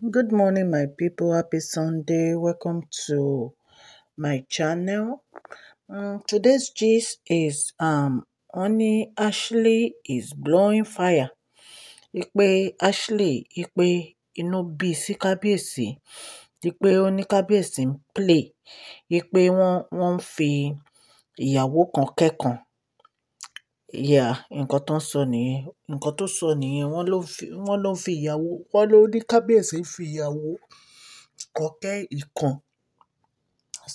Good morning, my people. Happy Sunday. Welcome to my channel. Um, today's gist is um, Honey Ashley is blowing fire. Ipe Ashley ipe inú bí sí kábíyèsí. Ipe ó ní kábíyèsí ń play. Ipe wọ́n wọ́n ń fi ìyàwó kan kẹ́kan. Yeah, nǹkan tó ń sọ nìyẹn. Nǹkan tó sọ nìyẹn. Wọ́n ló ń fi, wọ́n ló ń fi ìyàwó, wọ́n ló ní Kábíyèsí fi ìyàwó kọ́kẹ́ ìkan.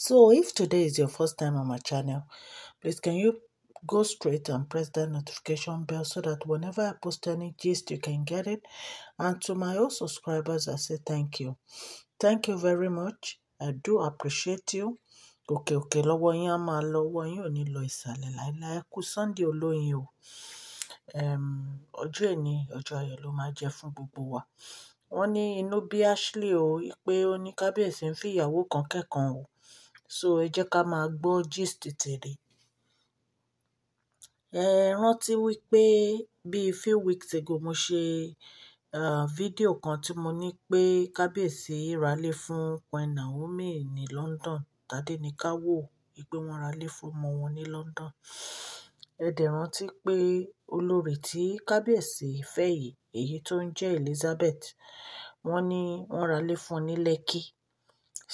So if today is your first time on my channel, please can you go straight and press that notification bell so that whenever I post any gist, you can get it. And to my old subscribers, I say thank you. Thank you very much. I do appreciate you. Òkè òkè lọ́wọ́ yín a máa lọ, ọwọ́ yín ò ní lọ ìsàlẹ̀ láíláí. Ẹ kú Sunday olóyin o. Ehm, ọjọ́ ení, ọjọ́ ló máa jẹ́ fún gbogbo wa. Wọ́n ní inú bí Ashley o, pé ó ní Kábíyèsí ń fi ìyàwó kan kẹ́kan o. So ẹ jẹ́ ká máa gbọ́ gist tèré. Ẹ rántí wípé bí few weeks ago mo ṣe, ah, fídíò kan tí mo ní pé Kábíyèsí ralé fún Queen Naomi ní London. Tádéníkáwò wípé wọ́n ralé fún ọmọ wọn ní London. Ẹ dẹ̀ rántí pé olórí tí kábíyèsí fẹ́ yìí, èyí tó ń jẹ́ Elizabeth, wọ́n ní wọ́n ralé fún un ní Lekki.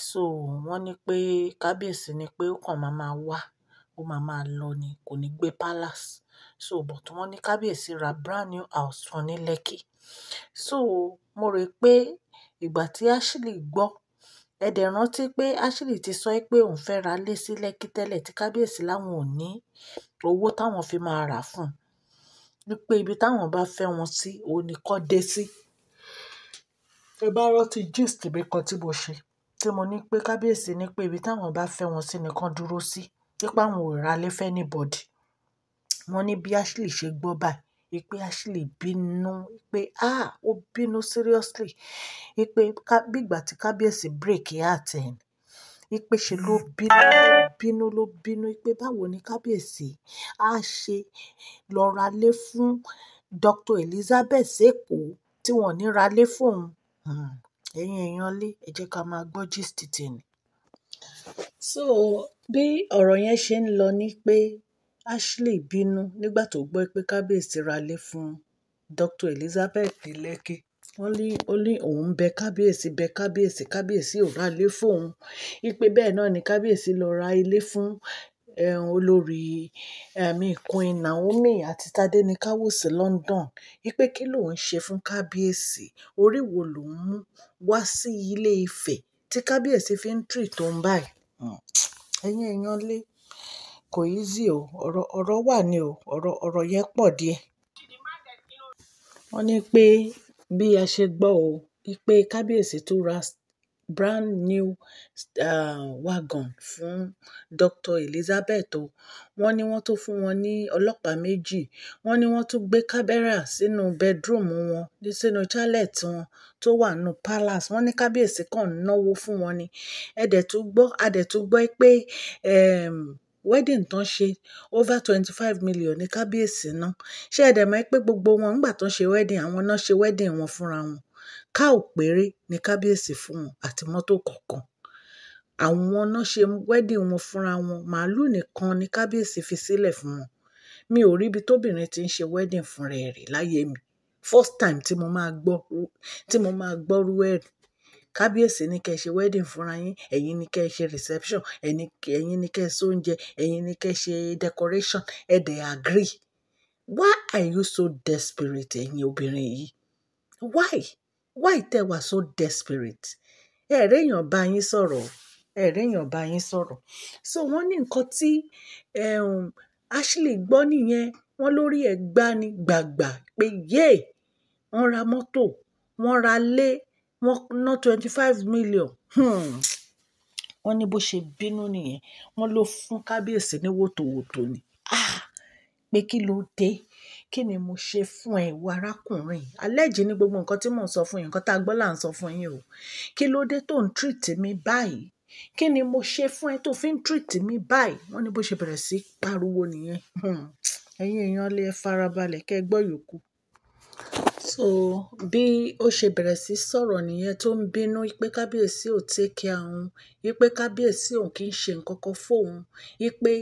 So wọ́n ní pé kábíyèsí ni pé ó kàn máa ma wá, ó máa ma lọ ni, kò ní gbé palace. So but wọ́n ní kábíyèsí ra brand new house fún un ní Lekki. So mo rò pé ìgbà tí Ashley gbọ́ ẹ dé rántí pé ashley ti sọ pé òun fẹ́ẹ́ ra ilé sí lẹ́kì tẹ́lẹ̀ tí kábíyèsí làwọn ò ní owó táwọn fi máa rà fún un wípé ibi táwọn bá fẹ́ wọn sí òun ni kó dé sí. ẹ bá rántí gist mi kan tí mo ṣe tí mo ní pé kábíyèsí ní pé ibi táwọn bá fẹ́ wọn sí nìkan dúró sí nípa àwọn ò ralé fẹ́ anybody wọ́n ní bí ashley ṣe gbọ́ báyìí Wípé a sì lè bínú, wípé ah! Ó bínú seriously. Wípé bí ìgbà tí kábíyèsí break heart ẹ̀ ni. Wípé ṣe ló hmm. bínú, ló bínú, ló bínú. Wípé báwo ni kábíyèsí a ṣe lọ ralé fún Dr. Elizabeth Èkó tí wọ́n ò ní ralé fún òun. Hmm. Ẹ̀yin èèyàn lé, ẹ jẹ́ ká máa gbọ́ gist tèmi. So bí ọ̀rọ̀ yẹn ṣe ń lọ ni pé ashley bínú nígbà tó gbọ́ pé kábíyèsí ralé fún dr elizabeth ní lẹ́kì wọ́n ní ó ní òun bẹ kábíyèsí bẹ kábíyèsí kábíyèsí ò ralé fóun ipe bẹ́ẹ̀ náà ni kábíyèsí lọ ra ilé fún eh, olórí ẹ̀mí eh, queen naomi àti tádéníkàwòsí london ipe kí lòun ṣe fún kábíyèsí orí wo lòun mú wá sí ilé ifẹ̀ tí kábíyèsí fi ń tírì tó ń báyìí hmm. ẹ̀yin èèyàn lé kò easy o. Ọ̀rọ̀, ọ̀rọ̀ wà ní o. Ọ̀rọ̀, ọ̀rọ̀ yẹn pọ̀ díẹ̀. Wọ́n ní pé bí a ṣe gbọ́ o, pé Kábíyèsí tún ra brand new, uh wagon fún Dr. Elizabeth o. Wọ́n ní wọ́n tún fún wọn ní ọlọ́pàá méjì. Wọ́n ní wọ́n tún gbé camera sínú bedroom wọn, sínú toilet wọn tó wà nínú palace. Wọ́n ní Kábíyèsí kan ń náwó fún wọn ni. Ẹ dẹ̀ tún gbọ́, a dẹ̀ tún gbọ́ pé, ehm, wedding tán ṣe over twenty five million ní kábíyèsí ná ṣé ẹ dẹ̀ mọ̀ pé gbogbo wọn ńgbà tán ṣe wedding àwọn náà ṣe wedding wọn fúnra wọn káò péré ní kábíyèsí fún wọn àti mọ́tò kọ̀ọ̀kan àwọn náà ṣe wedding wọn fúnra wọn màálù nìkan ní kábíyèsí fi sílẹ̀ fún wọn mi ò rí ibi tóbìnrin ti ń ṣe wedding fúnra ẹ̀ rí láyé mi first time tí mo máa gbọ́ tí mo máa gbọ́rú ẹ̀ rí kábíyèsí ní kẹ́ ẹ ṣe wedding fúnra yín ẹ̀yin ní kẹ́ ẹ ṣe reception ẹ̀yin ní kẹ́ ẹ sóúnjẹ ẹ̀yin ní kẹ́ ẹ ṣe decoration ẹ dẹ̀ agree why are you so desperate ẹ̀yin obìnrin yìí why why tẹ́ wà so desperate ẹ̀rẹ́ èèyàn bá yín sọ̀rọ̀ ẹ̀rẹ́ èèyàn bá yín sọ̀rọ̀ so wọ́n ní nǹkan tí Ashley gbọ́ nìyẹn wọ́n lórí ẹ̀ gbani gbàgbà pé yéè wọ́n ra mọ́tò wọ́n ra lé wọ́n ná twenty five million. Hmm. wọ́n ní bó ṣe bínú nìyẹn wọ́n ló fún kábíyèsí ní wòtòwòtò ni. Ah! pé kí ló dé kí ni mo ṣe fún ẹ ìwọ arákùnrin alẹ́jì ní gbogbo nǹkan tí mò ń sọ fún yín nǹkan tá a gbọ́ là ń sọ fún yín o kí ló dé tó ń treat mi báyìí kí ni mo ṣe fún ẹ tó fi ń treat mi báyìí wọ́n ní bó ṣe bẹ̀rẹ̀ sí pariwo nìyẹn hmm. ẹ̀yin èèyàn lè farabalẹ̀ kẹ́ ẹ gbọ́ yòókù so bí ó ṣe bẹ̀rẹ̀ sí sọ̀rọ̀ nìyẹn tó ń bínú pé kábíyèsí ò tẹ́kẹ̀ àwọn pé kábíyèsí òun kì í ṣe nǹkan kan fóun pé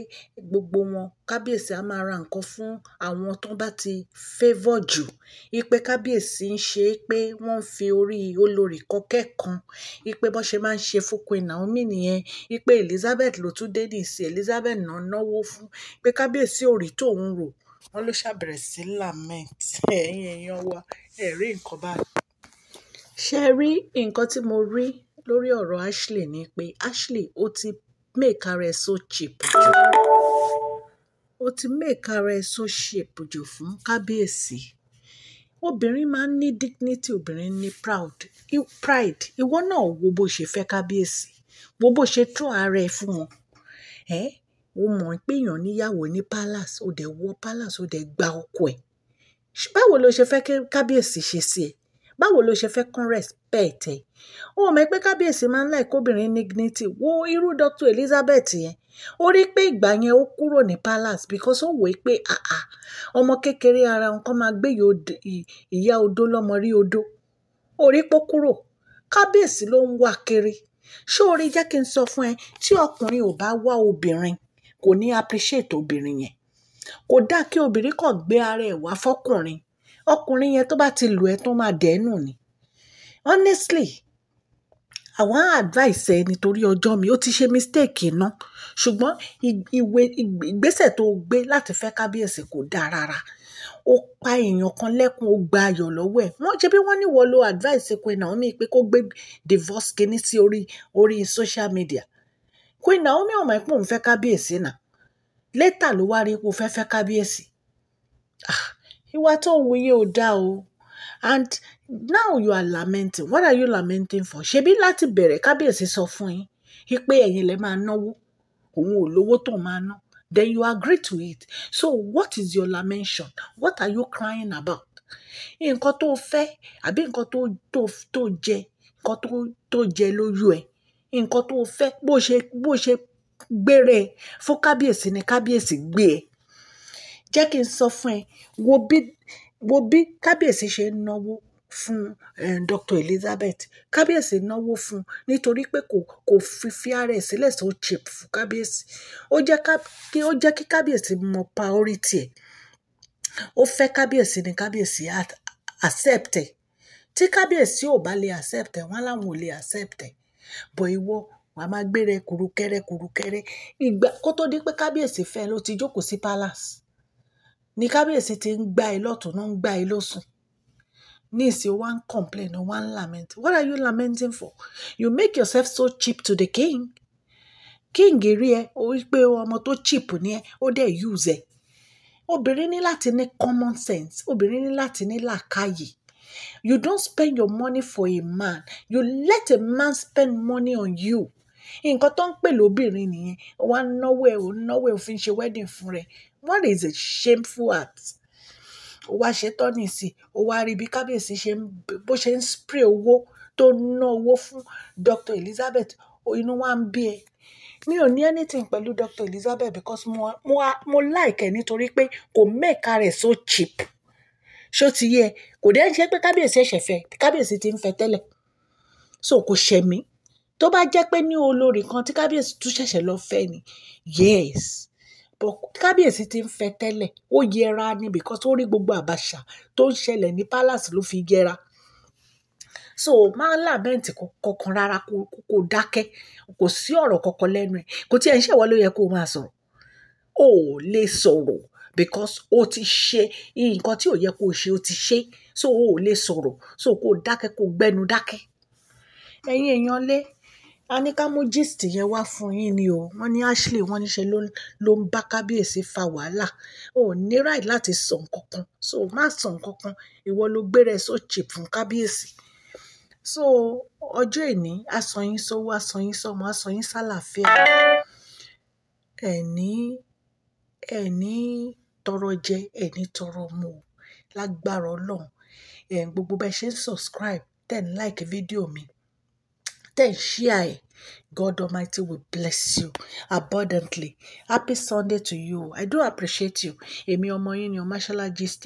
gbogbo wọn kábíyèsí á máa ra nǹkan fún àwọn tó bá ti favour jù pé kábíyèsí ń ṣe pé wọ́n ń fi orí olórí kọ́kẹ́ kan pé bọ́n ṣe máa ń ṣe fún Queen Naomi nìyẹn pé Elizabeth ló tún dé nìsín Elizabeth náà náwó fún pé kábíyèsí ò rí tòun rò wọ́n ló ṣàbẹ̀rẹ̀ sí lament ẹ̀yin èèyàn wa ẹ rí nǹkan báyìí. ṣe rí nǹkan tí mo rí lórí ọ̀rọ̀ Ashley ni pé Ashley ó ti make ara so cheap jù ó ti make ara so cheap jù fún kábíyèsí obìnrin máa ń ní dignity obìnrin ní proud pride ìwọ náà wo bó ṣe fẹ́ kábíyèsí wo bó ṣe tún ara ẹ̀ fún wọn. Eh? o mọ̀ pé èèyàn níyàwó ní palace o dẹ̀ wọ palace o dẹ̀ gba ọkọ ẹ̀ báwo lo ṣe fẹ́ kí kábíyèsí ṣe sí ẹ báwo lo ṣe fẹ́ kán respect ẹ o mọ̀ pé kábíyèsí máa ń láì kóbìnrin dignity wo irú Dr. Elizabeth yẹn ó rí pé ìgbà yẹn ó kúrò ní palace because ó wò ó pé àà ọmọ kékeré ara nǹkan máa gbé ìyá odó lọ́mọ rí odó ó rí pé ó kúrò kábíyèsí ló ń wá kiri ṣó o rí jẹ́ kí n sọ fún ẹ tí ọkùnrin ò bá wá obìnrin kò ní appreciate obìnrin yẹn kò dá kí obìnrin kàn gbé ara ẹ̀ wá fọkùnrin ọkùnrin yẹn tó bá ti lù ẹ́ tó máa dẹ́nu ni honestly àwọn advice ẹ nítorí ọjọ́ mi ó ti ṣe mistake iná ṣùgbọ́n ìwé ìgbésẹ̀ tó gbé láti fẹ́ kábíyèsí kò dáa rárá ó pa èèyàn kan lẹ́kùn ó gba ayọ̀ lọ́wọ́ ẹ̀ wọ́n ṣe bí wọ́n ní wọ́n lo advice Queen Naomi pé kó gbé divorce kínní sí orí orí social media Queen Naomi ọmọ ìpò ń fẹ́ kábíyèsí náà létà ló wá rí ipò fẹ́ fẹ́ kábíyèsí ah, ìwà tó wù yé ò dáa o and now you are lamenting what are you lamenting for ṣebí láti bẹ̀rẹ̀ kábíyèsí sọ fún yín wípé ẹ̀yin lè máa náwó òun ò lówó tó máa ná then you agree to it so what is your lamentation what are you crying about nǹkan tó fẹ́ àbí nǹkan tó tó jẹ nǹkan tó tó jẹ lójú ẹ̀ nǹkan tó fẹ́ bó ṣe bó ṣe gbére fún kábíyèsí ni kábíyèsí gbé e jẹ́ kí n sọ fún ẹ wo bí wo bí kábíyèsí ṣe ń náwó fún eh, Dr. Elizabeth kábíyèsí náwó fún nítorí pé kò kò fi fi ara ẹ̀ sílẹ̀ so cheap fún kábíyèsí ó jẹ́ kí ó jẹ́ kí kábíyèsí mọ priority ẹ̀ ó fẹ́ kábíyèsí ni kábíyèsí accept ẹ̀ tí kábíyèsí ò bá lè accept ẹ̀ wọ́n láwọn ò lè accept ẹ̀ But ìwọ, wà á máa gbé rẹ kurukẹrẹ kurukẹrẹ. Ìgbà kó tó di pé kábíyèsí fẹ́ ló ti jókòó sí palace. Ni kábíyèsí ti ń gbá ẹ lọ́tùn náà ń gbá ẹ lósùn. Nísìí o wá ń complain, o wá ń lament. What are you lamenting for? You make yourself so cheap to the king. King rí ẹ, o rí pé ọmọ tó cheap ni ẹ, ó dẹ̀ use ẹ. Obìnrin ní láti ní common sense. Obìnrin ní láti ní làákàyè. You don't spend your money for a man. You let a man spend money on you. Nǹkan tó ń pè lóbìnrin nìyẹn. Wọ́n á náwó ẹ̀, ò náwó ẹ̀, ò fi ń ṣe wedding fún rẹ̀. What is a shameful act? Ó wá ṣe tán nísìí, ó wá rí bí kábíyèsí ṣe ń, bó ṣe ń spray owó tó ń ná owó fún Dr. Elizabeth. Inú wa ń bí ẹ. Mi ò ní anything pẹ̀lú Dr. Elizabeth because mo, mo, like ẹ̀ nítorí pé kò make ara so cheap ṣó ti yé ẹ kò dẹ́ ṣe pé kábíyèsí ẹ̀ṣẹ̀ fẹ́ kábíyèsí ti ń fẹ́ tẹ́lẹ̀ so kò ṣẹ̀ mí tó bá jẹ́ pé ní olórí kan tí kábíyèsí tún ṣẹ̀ṣẹ̀ lọ fẹ́ ni yes but kábíyèsí ti ń fẹ́ tẹ́lẹ̀ ó yẹra ni because ó rí gbogbo àbàṣà tó ń ṣẹlẹ̀ ní palace ló fi yẹra so máa ń làbẹ́ǹtì kankan rárá kò dákẹ́ kò sí ọ̀rọ̀ kankan lẹ́nu ẹ̀ kò tiẹ̀ ń ṣèwọ́ ló yẹ kó máa sọ̀rọ̀ o lè sọ̀rọ̀ because o ti ṣe nǹkan tí ò yẹ kó ṣe o ti ṣe so o ò lè sọ̀rọ̀ so kó dákẹ́ kó gbẹ́nu dákẹ́. ẹ̀yin èèyàn lé a yẹn wá fún yín ni o wọ́n ní Ashley wọ́n níṣe ló ń bá kábíyèsí fa wàhálà ò ní right láti sọ nǹkan kan so má sọ nǹkan kan ìwọ ló gbéra ẹ so cheap fún kábíyèsí so ọjọ́ ìní asọyín sówó asọyín sọmọ asọyín sálàáfíà ẹ̀ní ẹ̀ní tọrọ jẹ, ẹ ní tọrọ mu o. Lágbára Ọlọ́run. Ẹ̀, gbogbo bẹ́ẹ̀ ṣe ń subscribe, tẹ̀ ń like fídíò mi, tẹ̀ ń share ẹ̀. God Almighty will bless you abundantly. Happy Sunday to you. I do appreciate you. Èmi ọmọ yín ni o, Mashola Gist